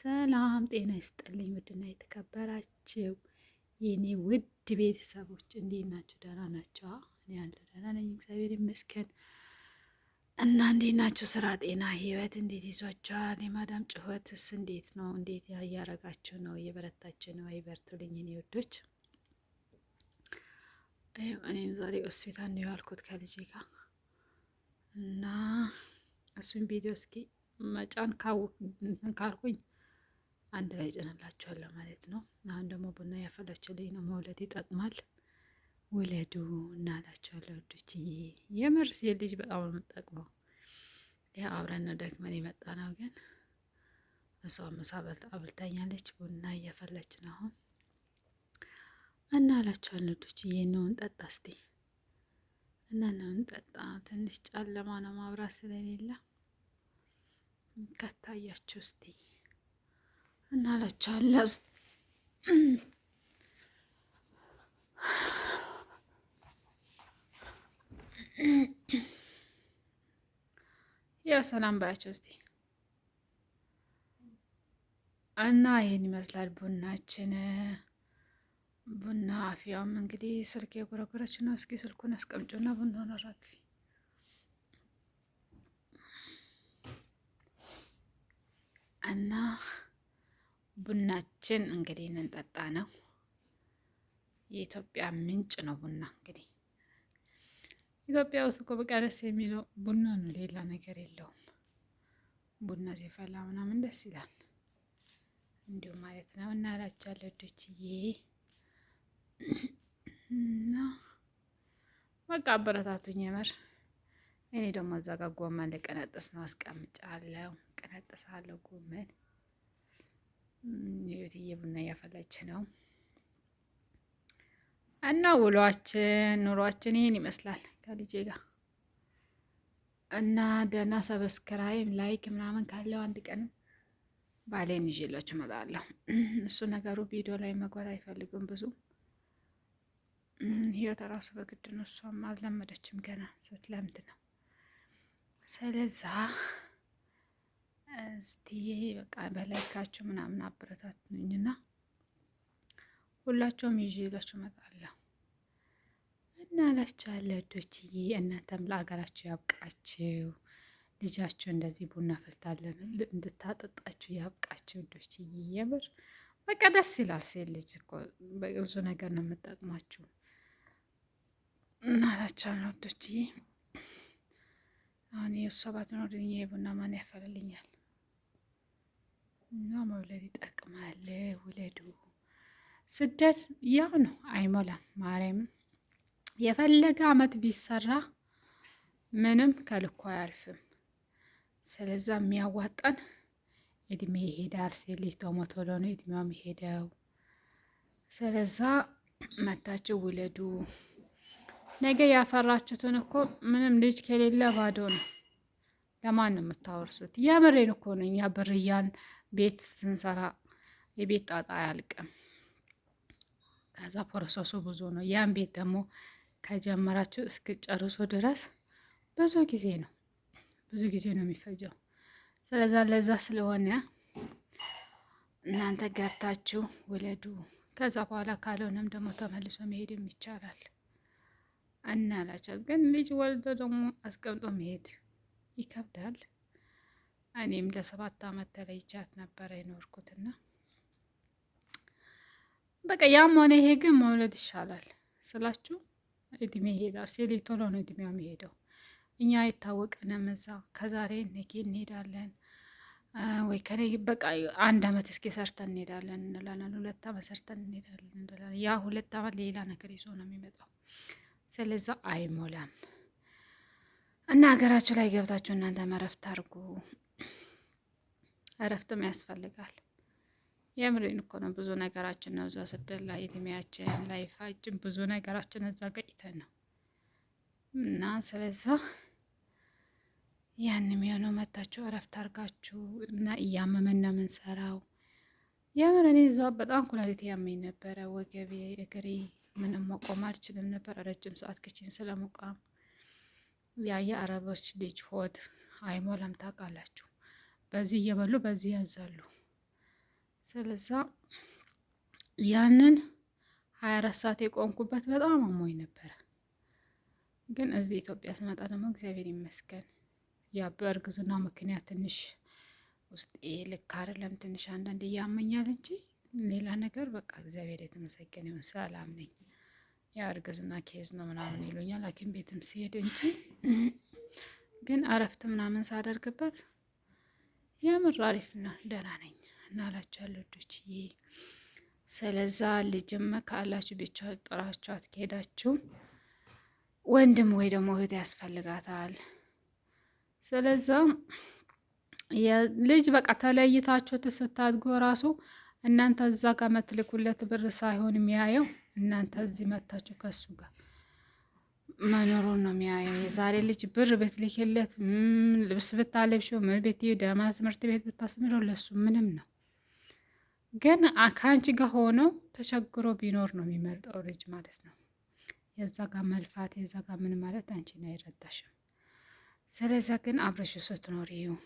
ሰላም ጤና ይስጥልኝ። ውድና የተከበራችሁ የኔ ውድ ቤተሰቦች እንዴት ናችሁ? ደህና ናቸው? እኔ ያለው ደህና ነኝ፣ እግዚአብሔር ይመስገን። እና እንዴት ናችሁ? ስራ፣ ጤና፣ ህይወት እንዴት ይዟችኋል? የማዳም ጩኸትስ እንዴት ነው? እንዴት እያረጋችሁ ነው? እየበረታችሁ ነው? ይበርቱልኝ የኔ ውዶች። እኔም ዛሬ ሆስፒታል ነው ያልኩት ከልጄ ጋር እና እሱን ቪዲዮ እስኪ መጫን ካልኩኝ አንድ ላይ ጭንላችኋለሁ ማለት ነው። አሁን ደግሞ ቡና ላይ ነው። መውለድ ይጠቅማል፣ ውለዱ እናላችኋለሁ። ውዶችዬ የምር ሴት ልጅ በጣም ነው የምጠቅመው። ያው አብረን ነው ደክመን የመጣ ነው፣ ግን እሷ ምሳ አብልታኛለች። ቡና እያፈላች ነው አሁን እና አላችኋለሁ። ውዶችዬ ነው እንጠጣ እስቲ እና ትንሽ ጨለማ ነው ማብራት ስለሌለ ከታያችሁ እስቲ እናላችኋለሁ። ያው ሰላም ባያቸው እስቲ እና ይህን ይመስላል ቡናችን። ቡና አፍያውም እንግዲህ ስልክ የጎረጎረች ነው። እስኪ ስልኩን አስቀምጮና ቡና ሆነራክ እና ቡናችን እንግዲህ እንንጠጣ ነው። የኢትዮጵያ ምንጭ ነው ቡና። እንግዲህ ኢትዮጵያ ውስጥ እኮ በቃ ደስ የሚለው ቡና ነው፣ ሌላ ነገር የለውም። ቡና ሲፈላ ምናምን ደስ ይላል። እንዲሁም ማለት ነው እና እላችኋለሁ ዶችዬ እና በቃ አበረታቱኝ የምር። እኔ ደግሞ እዛ ጋር ጎመን ልቀነጥስ ነው አስቀምጫለሁ። ቀነጥሳለሁ ጎመን የቤትዬ ቡና እያፈላች ነው እና ውሏችን ኑሯችን ይህን ይመስላል ከልጄ ጋር እና ደህና ሰብስክራይብ ላይክ ምናምን ካለው አንድ ቀን ባሌን ይዤላችሁ እመጣለሁ። እሱ ነገሩ ቪዲዮ ላይ መግባት አይፈልግም ብዙ ህይወት ራሱ በግድ ነው። እሷም አልለመደችም ገና ስትለምድ ነው። ስለዛ እስቲ በቃ በላይካችሁ ምናምን አበረታቱኝና ሁላችሁም ይዤላችሁ እመጣለሁ እና እላችኋለሁ እዶችዬ። እናንተም ለአገራችሁ ያብቃችሁ። ልጃችሁ እንደዚህ ቡና ፈልታለን እንድታጠጣችሁ ያብቃችሁ እዶችዬ። የምር በቃ ደስ ይላል። ሴት ልጅ እኮ ብዙ ነገር ነው የምጠቅማችሁ። እና እላችኋለሁ እዶችዬ። አሁን ሰባት ነው ይሄ ቡና ማን ያፈልልኛል? እና መውለድ ይጠቅማል። ውለዱ። ስደት ያው ነው፣ አይሞላም። ማርያም የፈለገ አመት ቢሰራ ምንም ከልኮ አያልፍም። ስለዛ የሚያዋጣን እድሜ ይሄዳል። ሴት ልጅ ቶሎ ቶሎ ነው እድሜው ይሄደው። ስለዛ መታችሁ ውለዱ። ነገ ያፈራችሁትን እኮ ምንም ልጅ ከሌለ ባዶ ነው። ለማን ነው የምታወርሱት? የምሬን እኮ ነው። እኛ ብርያን ቤት ስንሰራ የቤት ጣጣ አያልቅም። ከዛ ፕሮሰሱ ብዙ ነው። ያን ቤት ደግሞ ከጀመራችሁ እስክጨርሱ ድረስ ብዙ ጊዜ ነው ብዙ ጊዜ ነው የሚፈጀው። ስለዛ ለዛ ስለሆነ እናንተ ገብታችሁ ውለዱ። ከዛ በኋላ ካልሆነም ደግሞ ተመልሶ መሄድም ይቻላል እናላቸው ግን ልጅ ወልዶ ደግሞ አስቀምጦ መሄድ ይከብዳል። እኔም ለሰባት አመት ተለይቻት ነበረ የኖርኩትና በቃ ያም ሆነ ይሄ ግን መውለድ ይሻላል ስላችሁ እድሜ ይሄዳል። ሴሌቶ ነው እድሜው የሚሄደው። እኛ የታወቀ እዛ ከዛሬ ነገ እንሄዳለን ወይ ከ በቃ አንድ አመት እስኪ ሰርተን እንሄዳለን እንላለን። ሁለት አመት ሰርተን እንሄዳለን እንላለን። ያ ሁለት አመት ሌላ ነገር ይዞ ነው የሚመጣው። ስለዛ አይሞላም። እና ሀገራችሁ ላይ ገብታችሁ እናንተም እረፍት አድርጉ። እረፍትም ያስፈልጋል። የምሬን እኮ ነው። ብዙ ነገራችን ነው እዛ ስደት ላይ እድሜያችን ላይፋችን ብዙ ነገራችን እዛ ገጭተን ነው እና ስለዛ ያን የሚሆነው መታችሁ እረፍት አድርጋችሁ እና እያመመን ነው የምንሰራው። የምር እኔ እዛ በጣም ኩላሊት ያመኝ ነበረ፣ ወገቤ፣ እግሬ ምንም መቆም አልችልም ነበር ረጅም ሰዓት ክችን ስለሙቃም ያ የአረቦች ልጅ ሆድ አይሞላም ታውቃላችሁ። በዚህ እየበሉ በዚህ ያዛሉ። ስለዛ ያንን ሀያ አራት ሰዓት የቆምኩበት በጣም አሞኝ ነበረ። ግን እዚህ ኢትዮጵያ ስመጣ ደግሞ እግዚአብሔር ይመስገን ያ በእርግዝና ምክንያት ትንሽ ውስጤ ልክ አይደለም፣ ትንሽ አንዳንድ እያመኛል እንጂ ሌላ ነገር በቃ እግዚአብሔር የተመሰገነ ይሁን ስላላምነኝ የእርግዝና ኬዝ ነው ምናምን ይሉኛል። ሐኪም ቤትም ሲሄድ እንጂ ግን አረፍት ምናምን ሳደርግበት የምር አሪፍና ደህና ነኝ እናላችኋለሁ ዶችዬ። ስለዛ ልጅም ካላችሁ ብቻ ጥራችሁ አትሄዳችሁ፣ ወንድም ወይ ደግሞ እህት ያስፈልጋታል። ስለዛ ልጅ በቃ ተለይታችሁ ስታድጎ ራሱ እናንተ እዛ ጋር መትልኩለት ብር ሳይሆን የሚያየው እናንተ እዚህ መታችሁ ከሱ ጋር መኖሩን ነው የሚያየው። የዛሬ ልጅ ብር ቤት ልኬለት ልብስ ብታለብሽው ምን ቤት ደህና ትምህርት ቤት ብታስተምረው ለሱ ምንም ነው። ግን ከአንቺ ጋር ሆኖ ተቸግሮ ቢኖር ነው የሚመርጠው ልጅ ማለት ነው። የዛ ጋር መልፋት የዛ ጋር ምን ማለት አንቺን አይረዳሽም። ስለዚያ ግን አብረሽ ስትኖሪ ይኸው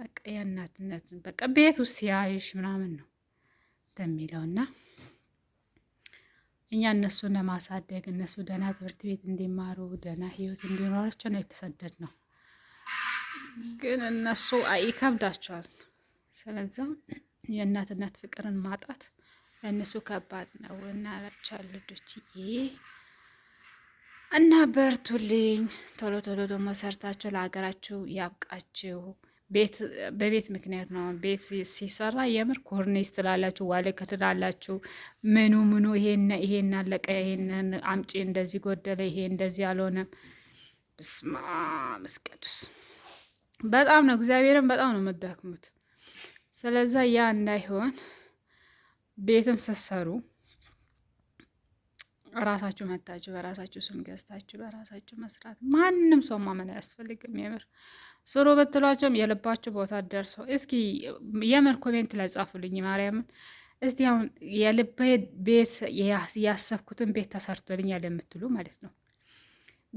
በቃ የእናትነትን በቃ ቤት ውስጥ ሲያይሽ ምናምን ነው እንደሚለውና እኛ እነሱን ለማሳደግ እነሱ ደህና ትምህርት ቤት እንዲማሩ ደህና ህይወት እንዲኖራቸው ነው የተሰደድ ነው። ግን እነሱ ይከብዳቸዋል። ስለዛ የእናትነት ፍቅርን ማጣት ለእነሱ ከባድ ነው እና ላቸዋል ልጆች እና በርቱልኝ። ቶሎ ቶሎ ደግሞ ሰርታችሁ ለሀገራችሁ ያብቃችሁ። በቤት ምክንያት ነው። ቤት ሲሰራ የምር ኮርኒስ ትላላችሁ፣ ዋልከት ትላላችሁ፣ ምኑ ምኑ ይሄን አለቀ፣ ይሄንን አምጪ፣ እንደዚህ ጎደለ፣ ይሄ እንደዚህ አልሆነም። ብስማ መስቀዱስ በጣም ነው እግዚአብሔርን በጣም ነው የምትደክሙት። ስለዛ ያ እንዳይሆን ቤትም ስትሰሩ ራሳችሁ መታችሁ በራሳችሁ ስም ገዝታችሁ በራሳችሁ መስራት ማንም ሰው ማመን አያስፈልግም። የምር ስሩ ብትሏቸውም የልባችሁ ቦታ ደርሰው እስኪ የምር ኮሜንት ላይ ጻፉልኝ ማርያምን። እስቲ አሁን የልቤ ቤት ያሰብኩትን ቤት ተሰርቶልኛል የምትሉ ማለት ነው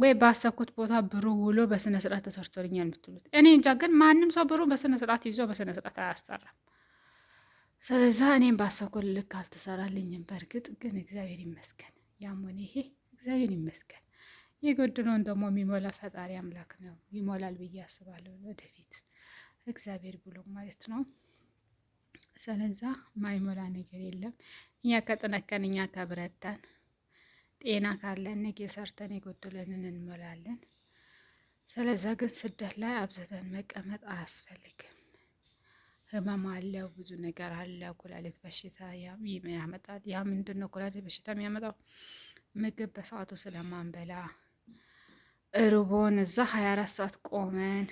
ወይ ባሰብኩት ቦታ ብሩ ውሎ በስነ ስርዓት ተሰርቶልኛል የምትሉት። እኔ እንጃ ግን ማንም ሰው ብሩ በስነ ስርዓት ይዞ በስነ ስርዓት አያሰራም። ስለዛ እኔም ባሰብኩት ልክ አልተሰራልኝም። በእርግጥ ግን እግዚአብሔር ይመስገን ያም ሆነ ይሄ እግዚአብሔር ይመስገን። የጎደለውን ደግሞ የሚሞላ ፈጣሪ አምላክ ነው፣ ይሞላል ብዬ አስባለሁ ወደፊት እግዚአብሔር ብሎ ማለት ነው። ስለዛ ማይሞላ ነገር የለም። እኛ ከጠነከን፣ እኛ ከብረታን፣ ጤና ካለን ነገ ሰርተን የጎደለንን እንሞላለን። ስለዛ ግን ስደት ላይ አብዝተን መቀመጥ አያስፈልግም። ህመም አለው፣ ብዙ ነገር አለ። ኩላሊት በሽታ ያመጣል። ያ ምንድን ነው ኩላሊት በሽታ የሚያመጣው? ምግብ በሰዓቱ ስለማንበላ እርቦን እዛ ሀያ አራት ሰዓት ቆመን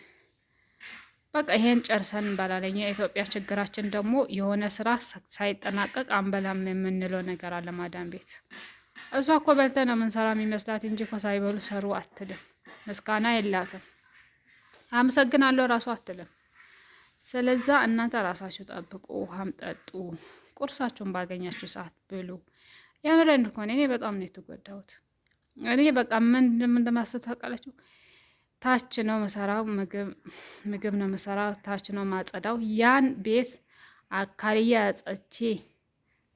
በቃ ይሄን ጨርሰን እንበላለን። የኢትዮጵያ ችግራችን ደግሞ የሆነ ስራ ሳይጠናቀቅ አንበላም የምንለው ነገር አለ። ማዳም ቤት እሷ እኮ በልተ ነው የምንሰራ የሚመስላት እንጂ እኮ ሳይበሉ ሰሩ አትልም። ምስጋና የላትም። አመሰግናለሁ ራሱ አትልም። ስለዛ እናንተ ራሳችሁ ጠብቁ፣ ውሃም ጠጡ፣ ቁርሳችሁን ባገኛችሁ ሰዓት ብሉ። የምለን ከሆነ እኔ በጣም ነው የተጎዳሁት። እኔ በቃ ምን እንደማስብ ታች ነው መሰራው ምግብ ነው መሰራው ታች ነው ማጸዳው። ያን ቤት አካልያ አጸቼ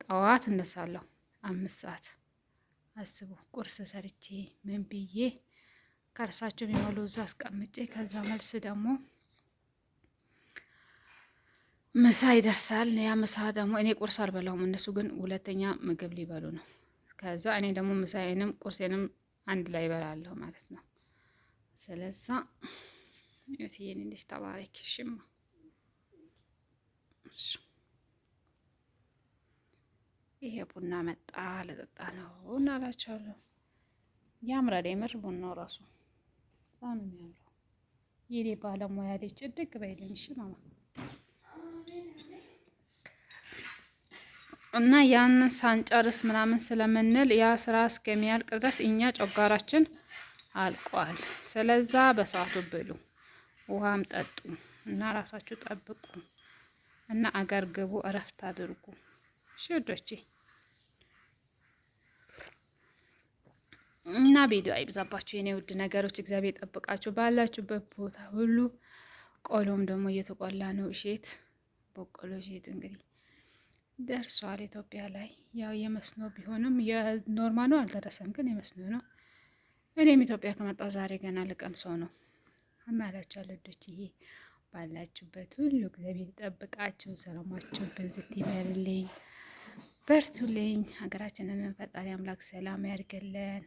ጠዋት እነሳለሁ አምስት ሰዓት አስቡ። ቁርስ ሰርቼ ምን ብዬ ከርሳቸው የሚመሉ እዛ አስቀምጬ ከዛ መልስ ደግሞ ምሳ ይደርሳል። ያ ምሳ ደግሞ እኔ ቁርስ አልበላሁም፣ እነሱ ግን ሁለተኛ ምግብ ሊበሉ ነው። ከዛ እኔ ደግሞ ምሳዬንም ቁርሴንም አንድ ላይ ይበላለሁ ማለት ነው። ስለዛ ልጅ ተባረክ። ሽማ ይሄ ቡና መጣ ለጠጣ ነው እና አላቸዋለሁ። ያምራል፣ የምር ቡናው ራሱ በጣም ነው የሚያምረው። የኔ ባለሙያ ልጅ እድግ በይልኝ እሺ ማማ እና ያን ሳንጨርስ ምናምን ስለምንል ያ ስራ እስከሚያልቅ ድረስ እኛ ጨጓራችን አልቋል። ስለዛ በሰዓቱ ብሉ፣ ውሃም ጠጡ እና ራሳችሁ ጠብቁ እና አገር ግቡ፣ እረፍት አድርጉ። ሽዶቼ እና ቪዲዮ አይብዛባችሁ የኔ ውድ ነገሮች፣ እግዚአብሔር ጠብቃችሁ ባላችሁበት ቦታ ሁሉ። ቆሎም ደግሞ እየተቆላ ነው እሼት በቆሎ እሼት እንግዲህ ደርሷል። ኢትዮጵያ ላይ ያው የመስኖ ቢሆንም የኖርማሉ አልደረሰም፣ ግን የመስኖ ነው። እኔም ኢትዮጵያ ከመጣው ዛሬ ገና ልቀምሰው ነው እናላቸው ልዶች ይሄ ባላችሁበት ሁሉ እግዚአብሔር ይጠብቃችሁ። ሰላማችሁ በዚህ ይበልልኝ። በርቱልኝ። ሀገራችንን ፈጣሪ አምላክ ሰላም ያድርግልን።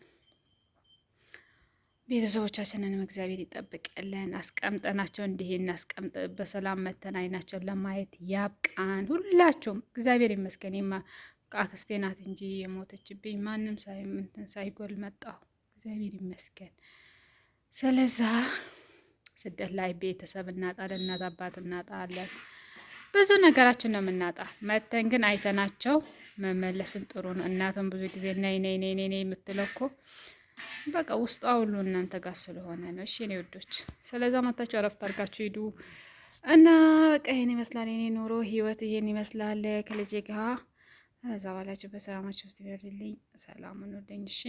ቤተሰቦቻችንንም እግዚአብሔር ይጠብቅልን። አስቀምጠናቸው እንዲህ አስቀምጠ በሰላም መተን አይናቸውን ለማየት ያብቃን። ሁላችሁም እግዚአብሔር ይመስገን። አክስቴ ናት እንጂ የሞተችብኝ ማንም ሳይጎል መጣሁ። እግዚአብሔር ይመስገን። ስለዛ ስደት ላይ ቤተሰብ እናጣለን፣ እናት አባት እናጣለን፣ ብዙ ነገራችን ነው የምናጣ። መተን ግን አይተናቸው መመለስን ጥሩ ነው። እናትን ብዙ ጊዜ ነይ ነይ ነይ ነይ የምትለው እኮ በቃ ውስጧ ሁሉ እናንተ ጋር ስለሆነ ነው። እሺ እኔ ውዶች፣ ስለዛ መታችሁ አረፍት አድርጋችሁ ሂዱ እና በቃ ይሄን ይመስላል የኔ ኑሮ ህይወት ይሄን ይመስላል። ከልጄ ጋር እዛ ባላችሁ በሰላማችሁ ውስጥ ይበርልኝ። ሰላም ሁኑልኝ። እሺ